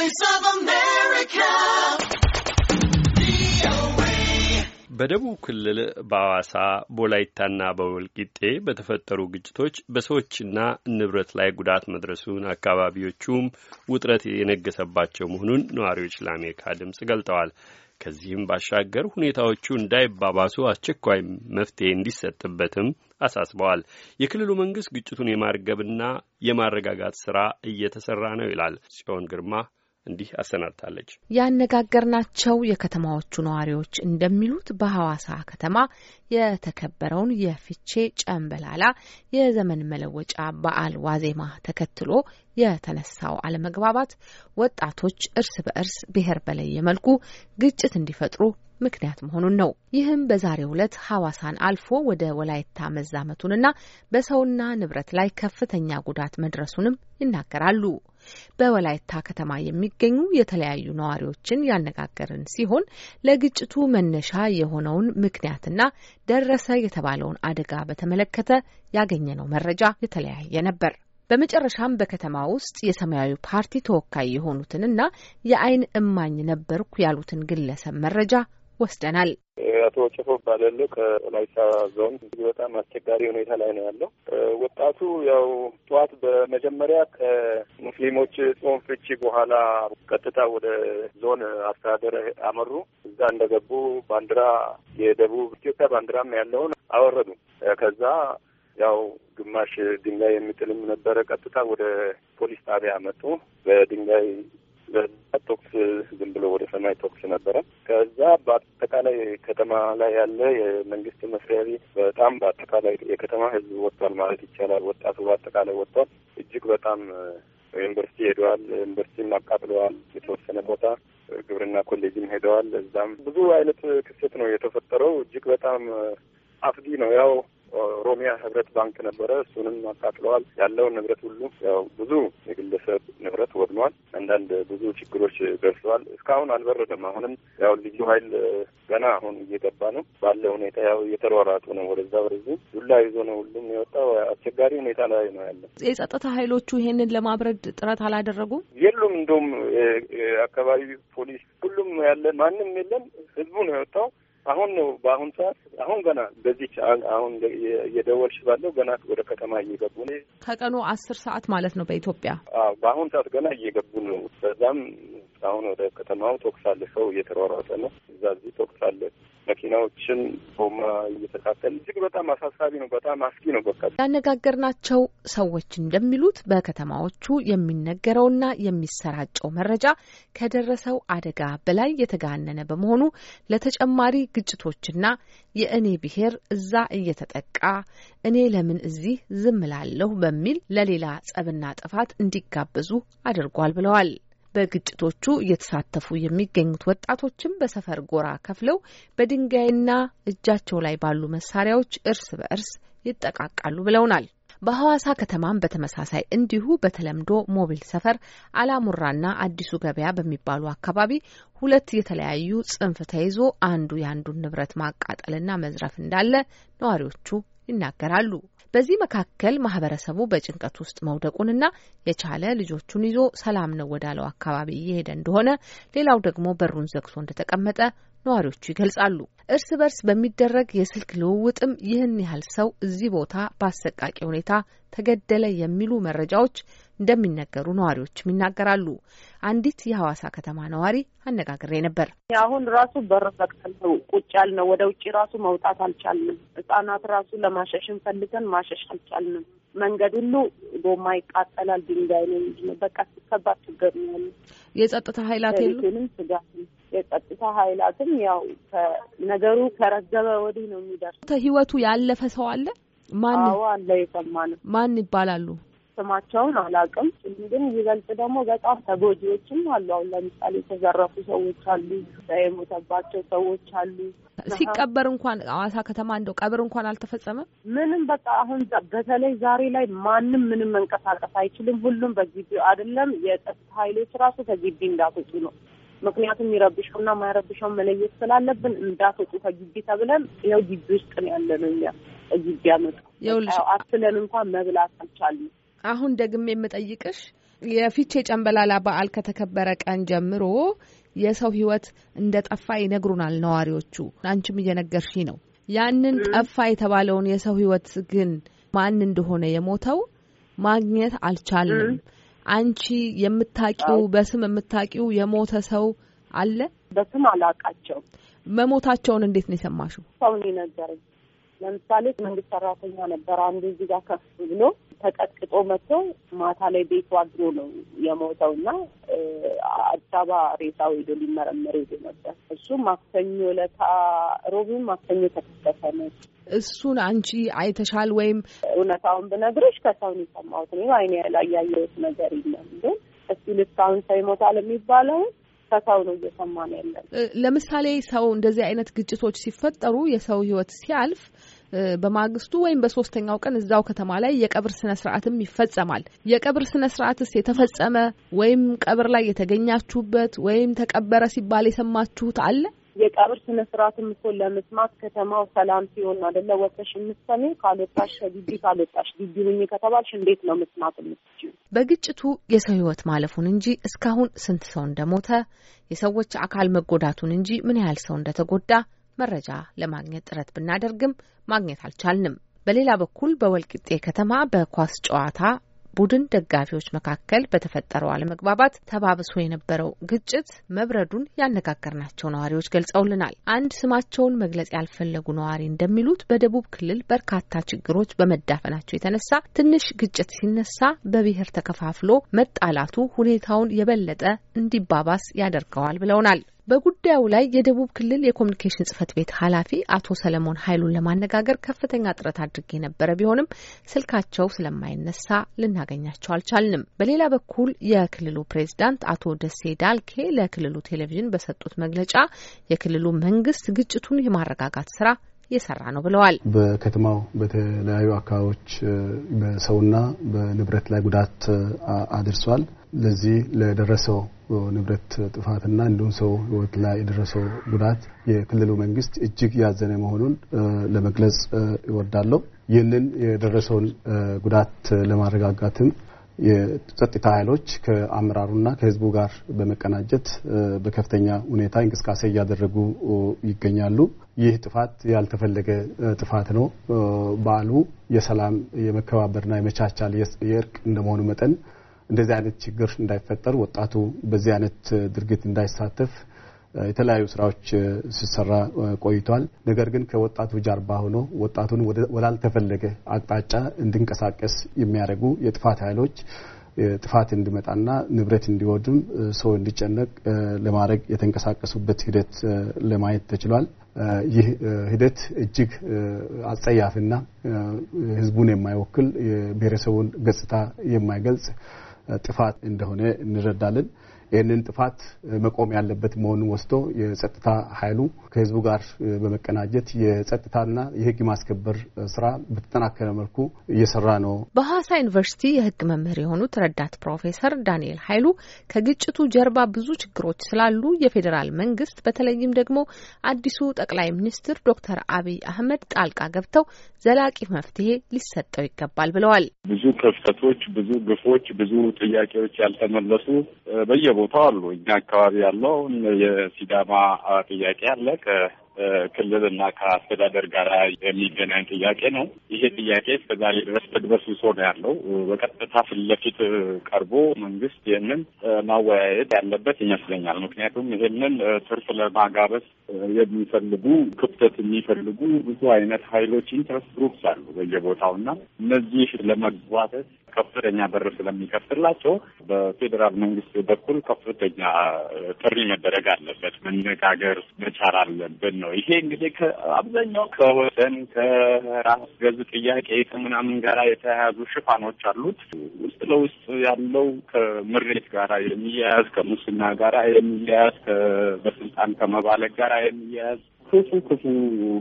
Voice of America. በደቡብ ክልል በአዋሳ በወላይታና በወልቂጤ በተፈጠሩ ግጭቶች በሰዎችና ንብረት ላይ ጉዳት መድረሱን አካባቢዎቹም ውጥረት የነገሰባቸው መሆኑን ነዋሪዎች ለአሜሪካ ድምፅ ገልጠዋል። ከዚህም ባሻገር ሁኔታዎቹ እንዳይባባሱ አስቸኳይ መፍትሄ እንዲሰጥበትም አሳስበዋል። የክልሉ መንግስት ግጭቱን የማርገብና የማረጋጋት ስራ እየተሰራ ነው ይላል። ጽዮን ግርማ እንዲህ አሰናድታለች። ያነጋገርናቸው የከተማዎቹ ነዋሪዎች እንደሚሉት በሐዋሳ ከተማ የተከበረውን የፍቼ ጨንበላላ የዘመን መለወጫ በዓል ዋዜማ ተከትሎ የተነሳው አለመግባባት ወጣቶች እርስ በእርስ ብሔር በለየ መልኩ ግጭት እንዲፈጥሩ ምክንያት መሆኑን ነው። ይህም በዛሬው ዕለት ሐዋሳን አልፎ ወደ ወላይታ መዛመቱንና በሰውና ንብረት ላይ ከፍተኛ ጉዳት መድረሱንም ይናገራሉ። በወላይታ ከተማ የሚገኙ የተለያዩ ነዋሪዎችን ያነጋገርን ሲሆን ለግጭቱ መነሻ የሆነውን ምክንያትና ደረሰ የተባለውን አደጋ በተመለከተ ያገኘነው መረጃ የተለያየ ነበር። በመጨረሻም በከተማ ውስጥ የሰማያዊ ፓርቲ ተወካይ የሆኑትንና የአይን እማኝ ነበርኩ ያሉትን ግለሰብ መረጃ ወስደናል። አቶ ጨፎ ባለለው ከወላይታ ዞን እጅግ በጣም አስቸጋሪ ሁኔታ ላይ ነው ያለው። ወጣቱ ያው ጠዋት በመጀመሪያ ከሙስሊሞች ጾም ፍቺ በኋላ ቀጥታ ወደ ዞን አስተዳደር አመሩ። እዛ እንደገቡ ባንዲራ የደቡብ ኢትዮጵያ ባንዲራም ያለውን አወረዱ። ከዛ ያው ግማሽ ድንጋይ የሚጥልም ነበረ። ቀጥታ ወደ ፖሊስ ጣቢያ መጡ። በድንጋይ ተኩስ ዝም ብሎ ወደ ሰማይ ተኩስ ነበረ። ከዛ በአጠቃላይ ከተማ ላይ ያለ የመንግስት መስሪያ ቤት በጣም በአጠቃላይ የከተማ ህዝብ ወጥቷል ማለት ይቻላል። ወጣቱ በአጠቃላይ ወጥቷል። እጅግ በጣም ዩኒቨርሲቲ ሄደዋል። ዩኒቨርሲቲም አቃጥለዋል። የተወሰነ ቦታ ግብርና ኮሌጅም ሄደዋል። እዛም ብዙ አይነት ክስተት ነው የተፈጠረው። እጅግ በጣም አፍጊ ነው ያው ኦሮሚያ ህብረት ባንክ ነበረ። እሱንም አቃጥለዋል። ያለውን ንብረት ሁሉ ያው ብዙ የግለሰብ ንብረት ወድኗል። አንዳንድ ብዙ ችግሮች ደርሰዋል። እስካሁን አልበረደም። አሁንም ያው ልዩ ኃይል ገና አሁን እየገባ ነው ባለ ሁኔታ ያው እየተሯሯጡ ነው። ወደዛ ወደዚ ዱላ ይዞ ነው ሁሉም የወጣው። አስቸጋሪ ሁኔታ ላይ ነው ያለ። የጸጥታ ኃይሎቹ ይሄንን ለማብረድ ጥረት አላደረጉም የሉም። እንደውም አካባቢ ፖሊስ ሁሉም ያለ ማንም የለም። ህዝቡ ነው የወጣው። አሁን ነው በአሁን ሰዓት አሁን ገና በዚህ አሁን እየደወልሽ ባለው ገና ወደ ከተማ እየገቡ ነው። ከቀኑ አስር ሰዓት ማለት ነው በኢትዮጵያ። በአሁን ሰዓት ገና እየገቡ ነው። በዛም አሁን ወደ ከተማው ቶክስ አለ። ሰው እየተሯሯጠ ነው። እዛ እዚህ ቶክስ አለ። መኪናዎችን ጎማ እየተካተል እጅግ በጣም አሳሳቢ ነው። በጣም አስጊ ነው። በቃ ያነጋገርናቸው ሰዎች እንደሚሉት በከተማዎቹ የሚነገረውና የሚሰራጨው መረጃ ከደረሰው አደጋ በላይ የተጋነነ በመሆኑ ለተጨማሪ ግጭቶችና የእኔ ብሔር እዛ እየተጠቃ እኔ ለምን እዚህ ዝም ላለሁ በሚል ለሌላ ጸብና ጥፋት እንዲጋበዙ አድርጓል ብለዋል። በግጭቶቹ እየተሳተፉ የሚገኙት ወጣቶችም በሰፈር ጎራ ከፍለው በድንጋይና እጃቸው ላይ ባሉ መሳሪያዎች እርስ በእርስ ይጠቃቃሉ ብለውናል። በሐዋሳ ከተማም በተመሳሳይ እንዲሁ በተለምዶ ሞቢል ሰፈር፣ አላሙራና አዲሱ ገበያ በሚባሉ አካባቢ ሁለት የተለያዩ ጽንፍ ተይዞ አንዱ የአንዱን ንብረት ማቃጠልና መዝረፍ እንዳለ ነዋሪዎቹ ይናገራሉ። በዚህ መካከል ማህበረሰቡ በጭንቀት ውስጥ መውደቁንና የቻለ ልጆቹን ይዞ ሰላም ነው ወዳለው አካባቢ እየሄደ እንደሆነ፣ ሌላው ደግሞ በሩን ዘግቶ እንደተቀመጠ ነዋሪዎቹ ይገልጻሉ። እርስ በርስ በሚደረግ የስልክ ልውውጥም ይህን ያህል ሰው እዚህ ቦታ በአሰቃቂ ሁኔታ ተገደለ የሚሉ መረጃዎች እንደሚነገሩ ነዋሪዎችም ይናገራሉ። አንዲት የሐዋሳ ከተማ ነዋሪ አነጋግሬ ነበር። አሁን ራሱ በር ዘግተን ነው ቁጭ ያልነው። ወደ ውጭ ራሱ መውጣት አልቻልንም። ህጻናት ራሱ ለማሸሽን ፈልገን ማሸሽ አልቻልንም። መንገድ ሁሉ ጎማ ይቃጠላል፣ ድንጋይ ነው። በቃ ከባድ ችግር ነው ያለ የጸጥታ ኃይላት የሉ ስጋት የጸጥታ ኃይላትም ያው ነገሩ ከረገበ ወዲህ ነው የሚደርስ። ከህይወቱ ያለፈ ሰው አለ። ማን አለ? የሰማ ነው። ማን ይባላሉ? ስማቸውን አላውቅም። ግን ይበልጥ ደግሞ በጣም ተጎጂዎችም አሉ። አሁን ለምሳሌ የተዘረፉ ሰዎች አሉ፣ የሞተባቸው ሰዎች አሉ። ሲቀበር እንኳን አዋሳ ከተማ እንደው ቀብር እንኳን አልተፈጸመም። ምንም በቃ አሁን በተለይ ዛሬ ላይ ማንም ምንም መንቀሳቀስ አይችልም። ሁሉም በግቢው አይደለም የጸጥታ ኃይሎች ራሱ ከግቢ እንዳትወጡ ነው ምክንያቱም የሚረብሸውና የማይረብሸውን መለየት ስላለብን እንዳትወጡ ከግቢ ተብለን ያው ግቢ ውስጥ ነው ያለነው እኛ ግቢ ያመጡ አስለን እንኳን መብላት አልቻልንም። አሁን ደግሜ የምጠይቅሽ የፊቼ ጨንበላላ በዓል ከተከበረ ቀን ጀምሮ የሰው ህይወት እንደ ጠፋ ይነግሩናል ነዋሪዎቹ። አንቺም እየነገርሽ ነው። ያንን ጠፋ የተባለውን የሰው ህይወት ግን ማን እንደሆነ የሞተው ማግኘት አልቻልንም። አንቺ የምታቂው በስም የምታቂው የሞተ ሰው አለ? በስም አላቃቸው። መሞታቸውን እንዴት ነው የሰማሽው? ሰው ነገረኝ። ለምሳሌ መንግስት ሰራተኛ ነበር አንዱ እዚህ ጋር ከፍ ብሎ ተቀጥ ሮጦ መጥቶ ማታ ላይ ቤቱ አድሮ ነው የሞተው እና አዲስ አበባ ሬሳው ሄዶ ሊመረመር ሄዶ ነበር። እሱ ማክሰኞ ለታ ሮብም ማክሰኞ ተከሰተ ነው። እሱን አንቺ አይተሻል ወይም? እውነታውን ብነግርሽ ከሰውን የሰማሁት እኔ አይኔ ላይ ነገር የለም ግን እሱ ልሳውን ሰው ይሞታል የሚባለውን ከሰው ነው እየሰማ ነው ያለን። ለምሳሌ ሰው እንደዚህ አይነት ግጭቶች ሲፈጠሩ የሰው ህይወት ሲያልፍ በማግስቱ ወይም በሶስተኛው ቀን እዛው ከተማ ላይ የቀብር ስነ ስርዓትም ይፈጸማል። የቀብር ስነ ስርዓትስ የተፈጸመ ወይም ቀብር ላይ የተገኛችሁበት ወይም ተቀበረ ሲባል የሰማችሁት አለ? የቀብር ስነ ስርዓትም እኮ ለመስማት ከተማው ሰላም ሲሆን አደለ? ወተሽ የምትሰሚው። ካልወጣሽ ግቢ ካልወጣሽ ግቢ ሁኝ ከተባልሽ እንዴት ነው መስማት የምትችይው? በግጭቱ የሰው ህይወት ማለፉን እንጂ እስካሁን ስንት ሰው እንደሞተ የሰዎች አካል መጎዳቱን እንጂ ምን ያህል ሰው እንደተጎዳ መረጃ ለማግኘት ጥረት ብናደርግም ማግኘት አልቻልንም። በሌላ በኩል በወልቂጤ ከተማ በኳስ ጨዋታ ቡድን ደጋፊዎች መካከል በተፈጠረው አለመግባባት ተባብሶ የነበረው ግጭት መብረዱን ያነጋገርናቸው ነዋሪዎች ገልጸውልናል። አንድ ስማቸውን መግለጽ ያልፈለጉ ነዋሪ እንደሚሉት በደቡብ ክልል በርካታ ችግሮች በመዳፈናቸው የተነሳ ትንሽ ግጭት ሲነሳ በብሔር ተከፋፍሎ መጣላቱ ሁኔታውን የበለጠ እንዲባባስ ያደርገዋል ብለውናል። በጉዳዩ ላይ የደቡብ ክልል የኮሚኒኬሽን ጽህፈት ቤት ኃላፊ አቶ ሰለሞን ኃይሉን ለማነጋገር ከፍተኛ ጥረት አድርጌ የነበረ ቢሆንም ስልካቸው ስለማይነሳ ልናገኛቸው አልቻልንም። በሌላ በኩል የክልሉ ፕሬዚዳንት አቶ ደሴ ዳልኬ ለክልሉ ቴሌቪዥን በሰጡት መግለጫ የክልሉ መንግስት ግጭቱን የማረጋጋት ስራ እየሰራ ነው ብለዋል። በከተማው በተለያዩ አካባቢዎች በሰውና በንብረት ላይ ጉዳት አድርሷል። ለዚህ ለደረሰው ንብረት ጥፋትና እንዲሁም ሰው ህይወት ላይ የደረሰው ጉዳት የክልሉ መንግስት እጅግ ያዘነ መሆኑን ለመግለጽ ይወዳለሁ ይህንን የደረሰውን ጉዳት ለማረጋጋትም የጸጥታ ኃይሎች ከአመራሩና ከህዝቡ ጋር በመቀናጀት በከፍተኛ ሁኔታ እንቅስቃሴ እያደረጉ ይገኛሉ። ይህ ጥፋት ያልተፈለገ ጥፋት ነው። በዓሉ የሰላም የመከባበርና የመቻቻል የእርቅ እንደመሆኑ መጠን እንደዚህ አይነት ችግር እንዳይፈጠር ወጣቱ በዚህ አይነት ድርጊት እንዳይሳተፍ የተለያዩ ስራዎች ሲሰራ ቆይቷል። ነገር ግን ከወጣቱ ጀርባ ሆኖ ወጣቱን ወላልተፈለገ አቅጣጫ እንዲንቀሳቀስ የሚያደርጉ የጥፋት ኃይሎች ጥፋት እንዲመጣና ንብረት እንዲወድም ሰው እንዲጨነቅ ለማድረግ የተንቀሳቀሱበት ሂደት ለማየት ተችሏል። ይህ ሂደት እጅግ አጸያፍና ሕዝቡን የማይወክል የብሔረሰቡን ገጽታ የማይገልጽ ጥፋት እንደሆነ እንረዳለን። ይህንን ጥፋት መቆም ያለበት መሆኑን ወስዶ የጸጥታ ኃይሉ ከህዝቡ ጋር በመቀናጀት የጸጥታና የህግ ማስከበር ስራ በተጠናከረ መልኩ እየሰራ ነው። በሐዋሳ ዩኒቨርሲቲ የህግ መምህር የሆኑት ረዳት ፕሮፌሰር ዳንኤል ኃይሉ ከግጭቱ ጀርባ ብዙ ችግሮች ስላሉ የፌዴራል መንግስት በተለይም ደግሞ አዲሱ ጠቅላይ ሚኒስትር ዶክተር አብይ አህመድ ጣልቃ ገብተው ዘላቂ መፍትሄ ሊሰጠው ይገባል ብለዋል። ብዙ ክፍተቶች፣ ብዙ ግፎች፣ ብዙ ጥያቄዎች ያልተመለሱ በየ ቦታው አሉ። እኛ አካባቢ ያለው የሲዳማ ጥያቄ አለ ከክልል እና ከአስተዳደር ጋር የሚገናኝ ጥያቄ ነው። ይሄ ጥያቄ እስከዛሬ ድረስ ተድበስብሶ ነው ያለው። በቀጥታ ፊት ለፊት ቀርቦ መንግስት ይህንን ማወያየት ያለበት ይመስለኛል። ምክንያቱም ይህንን ትርፍ ለማጋበስ የሚፈልጉ ክፍተት የሚፈልጉ ብዙ አይነት ሀይሎች ኢንትረስት ግሩፕስ አሉ በየቦታው እና እነዚህ ለመግባተት ከፍተኛ በር ስለሚከፍትላቸው በፌዴራል መንግስት በኩል ከፍተኛ ጥሪ መደረግ አለበት። መነጋገር መቻል አለብን ነው ነው። ይሄ እንግዲህ አብዛኛው ከወሰን ከራስ ገዝ ጥያቄ ከምናምን ጋራ የተያያዙ ሽፋኖች አሉት። ውስጥ ለውስጥ ያለው ከምሬት ጋራ የሚያያዝ ከሙስና ጋራ የሚያያዝ በስልጣን ከመባለግ ጋራ የሚያያዝ ክፉ ክፉ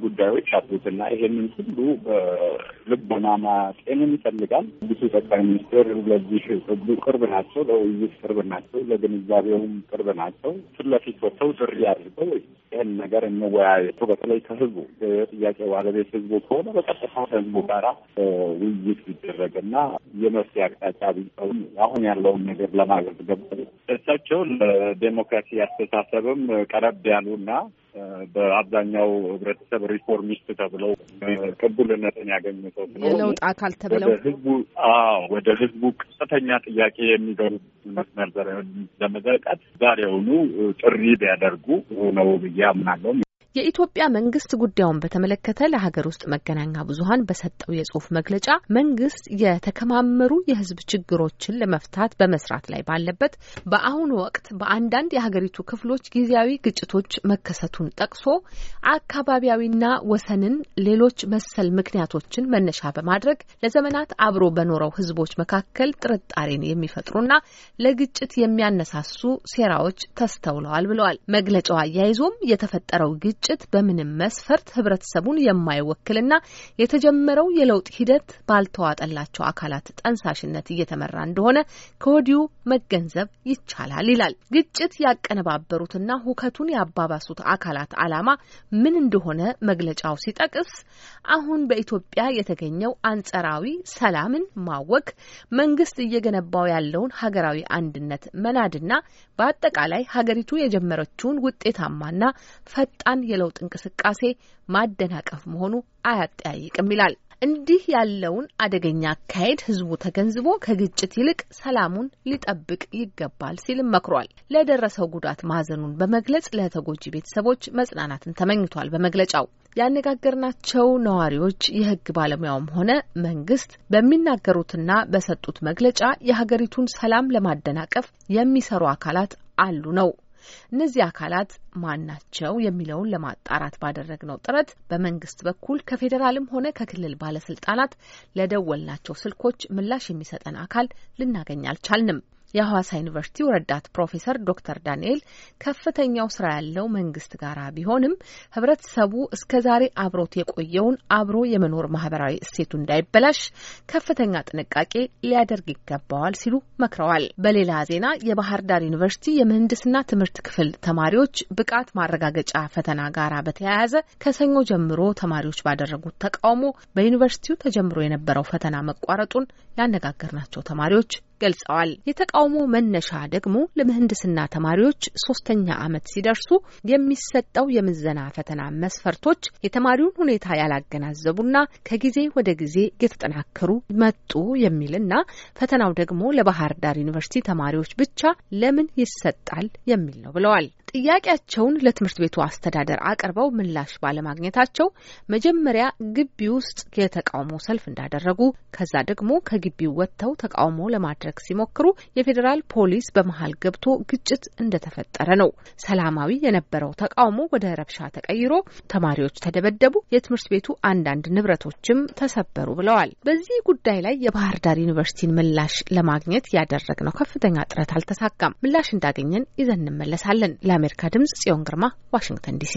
ጉዳዮች አሉትና ይሄንን ሁሉ በልቦና ማጤንን ይፈልጋል። ብዙ ጠቅላይ ሚኒስትር ለዚህ ህዝቡ ቅርብ ናቸው፣ ለውይይት ቅርብ ናቸው፣ ለግንዛቤውም ቅርብ ናቸው። ፊት ለፊት ወጥተው ጥሪ አድርገው ይህን ነገር እንወያየቱ በተለይ ከህዝቡ የጥያቄ ባለቤት ህዝቡ ከሆነ በቀጥታ ከህዝቡ ጋራ ውይይት ቢደረግና የመፍትሄ አቅጣጫ ቢጠውም አሁን ያለውን ነገር ለማገዝ ገብ እሳቸው ለዴሞክራሲ አስተሳሰብም ቀረብ ያሉና በአብዛኛው ህብረተሰብ ሪፎርሚስት ተብለው ቅቡልነትን ያገኙ ሰው የለውጥ አካል ተብለው ህዝቡ ወደ ህዝቡ ቀጥተኛ ጥያቄ የሚገቡ መስመር ለመዘርጋት ዛሬውኑ ጥሪ ቢያደርጉ ነው ብዬ አምናለሁ። የኢትዮጵያ መንግስት ጉዳዩን በተመለከተ ለሀገር ውስጥ መገናኛ ብዙኃን በሰጠው የጽሁፍ መግለጫ መንግስት የተከማመሩ የህዝብ ችግሮችን ለመፍታት በመስራት ላይ ባለበት በአሁኑ ወቅት በአንዳንድ የሀገሪቱ ክፍሎች ጊዜያዊ ግጭቶች መከሰቱን ጠቅሶ አካባቢያዊና ወሰንን ሌሎች መሰል ምክንያቶችን መነሻ በማድረግ ለዘመናት አብሮ በኖረው ህዝቦች መካከል ጥርጣሬን የሚፈጥሩና ለግጭት የሚያነሳሱ ሴራዎች ተስተውለዋል ብለዋል። መግለጫው አያይዞም የተፈጠረው ግጭ ግጭት በምንም መስፈርት ህብረተሰቡን የማይወክልና የተጀመረው የለውጥ ሂደት ባልተዋጠላቸው አካላት ጠንሳሽነት እየተመራ እንደሆነ ከወዲሁ መገንዘብ ይቻላል ይላል። ግጭት ያቀነባበሩትና ሁከቱን ያባባሱት አካላት ዓላማ ምን እንደሆነ መግለጫው ሲጠቅስ አሁን በኢትዮጵያ የተገኘው አንጸራዊ ሰላምን ማወክ፣ መንግስት እየገነባው ያለውን ሀገራዊ አንድነት መናድና በአጠቃላይ ሀገሪቱ የጀመረችውን ውጤታማና ፈጣን የለውጥ እንቅስቃሴ ማደናቀፍ መሆኑ አያጠያይቅም ይላል። እንዲህ ያለውን አደገኛ አካሄድ ህዝቡ ተገንዝቦ ከግጭት ይልቅ ሰላሙን ሊጠብቅ ይገባል ሲልም መክሯል። ለደረሰው ጉዳት ማዘኑን በመግለጽ ለተጎጂ ቤተሰቦች መጽናናትን ተመኝቷል። በመግለጫው ያነጋገርናቸው ነዋሪዎች የህግ ባለሙያውም ሆነ መንግስት በሚናገሩትና በሰጡት መግለጫ የሀገሪቱን ሰላም ለማደናቀፍ የሚሰሩ አካላት አሉ ነው እነዚህ አካላት ማን ናቸው የሚለውን ለማጣራት ባደረግነው ጥረት በመንግስት በኩል ከፌዴራልም ሆነ ከክልል ባለስልጣናት ለደወልናቸው ስልኮች ምላሽ የሚሰጠን አካል ልናገኝ አልቻልንም። የሐዋሳ ዩኒቨርሲቲው ረዳት ፕሮፌሰር ዶክተር ዳንኤል ከፍተኛው ስራ ያለው መንግስት ጋራ ቢሆንም ህብረተሰቡ እስከ ዛሬ አብሮት የቆየውን አብሮ የመኖር ማህበራዊ እሴቱ እንዳይበላሽ ከፍተኛ ጥንቃቄ ሊያደርግ ይገባዋል ሲሉ መክረዋል። በሌላ ዜና የባህር ዳር ዩኒቨርሲቲ የምህንድስና ትምህርት ክፍል ተማሪዎች ብቃት ማረጋገጫ ፈተና ጋራ በተያያዘ ከሰኞ ጀምሮ ተማሪዎች ባደረጉት ተቃውሞ በዩኒቨርሲቲው ተጀምሮ የነበረው ፈተና መቋረጡን ያነጋገርናቸው ተማሪዎች ገልጸዋል። የተቃውሞ መነሻ ደግሞ ለምህንድስና ተማሪዎች ሶስተኛ ዓመት ሲደርሱ የሚሰጠው የምዘና ፈተና መስፈርቶች የተማሪውን ሁኔታ ያላገናዘቡና ከጊዜ ወደ ጊዜ እየተጠናከሩ መጡ የሚልና ፈተናው ደግሞ ለባህር ዳር ዩኒቨርሲቲ ተማሪዎች ብቻ ለምን ይሰጣል የሚል ነው ብለዋል። ጥያቄያቸውን ለትምህርት ቤቱ አስተዳደር አቅርበው ምላሽ ባለማግኘታቸው መጀመሪያ ግቢ ውስጥ የተቃውሞ ሰልፍ እንዳደረጉ ከዛ ደግሞ ከግቢው ወጥተው ተቃውሞ ለማድረግ ለማድረግ ሲሞክሩ የፌዴራል ፖሊስ በመሀል ገብቶ ግጭት እንደተፈጠረ ነው። ሰላማዊ የነበረው ተቃውሞ ወደ ረብሻ ተቀይሮ ተማሪዎች ተደበደቡ፣ የትምህርት ቤቱ አንዳንድ ንብረቶችም ተሰበሩ ብለዋል። በዚህ ጉዳይ ላይ የባህር ዳር ዩኒቨርሲቲን ምላሽ ለማግኘት ያደረግነው ከፍተኛ ጥረት አልተሳካም። ምላሽ እንዳገኘን ይዘን እንመለሳለን። ለአሜሪካ ድምጽ ጽዮን ግርማ ዋሽንግተን ዲሲ